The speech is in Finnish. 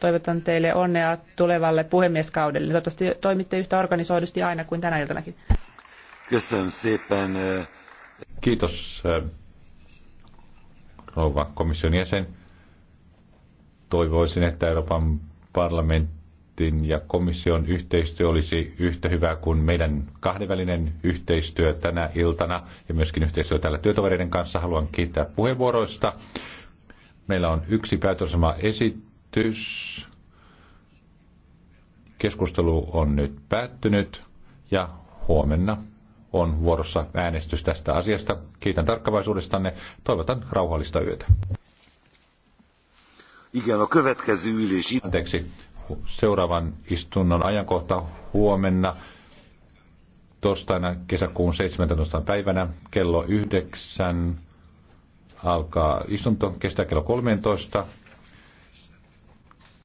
toivotan teille onnea tulevalle puhemieskaudelle. Toivottavasti toimitte yhtä organisoidusti aina kuin tänä iltanakin. Eh, Kiitos eh, rouva komission jäsen. Toivoisin, että Euroopan parlamentin ja komission yhteistyö olisi yhtä hyvää kuin meidän kahdenvälinen yhteistyö tänä iltana ja myöskin yhteistyö täällä työtovereiden kanssa. Haluan kiittää puheenvuoroista. Meillä on yksi päätösoma esitys äänestys. Keskustelu on nyt päättynyt ja huomenna on vuorossa äänestys tästä asiasta. Kiitän tarkkavaisuudestanne. Toivotan rauhallista yötä. Igen, a következő ülés... Anteeksi, seuraavan istunnon ajankohta huomenna torstaina kesäkuun 17. päivänä kello 9 alkaa istunto, kestää kello 13.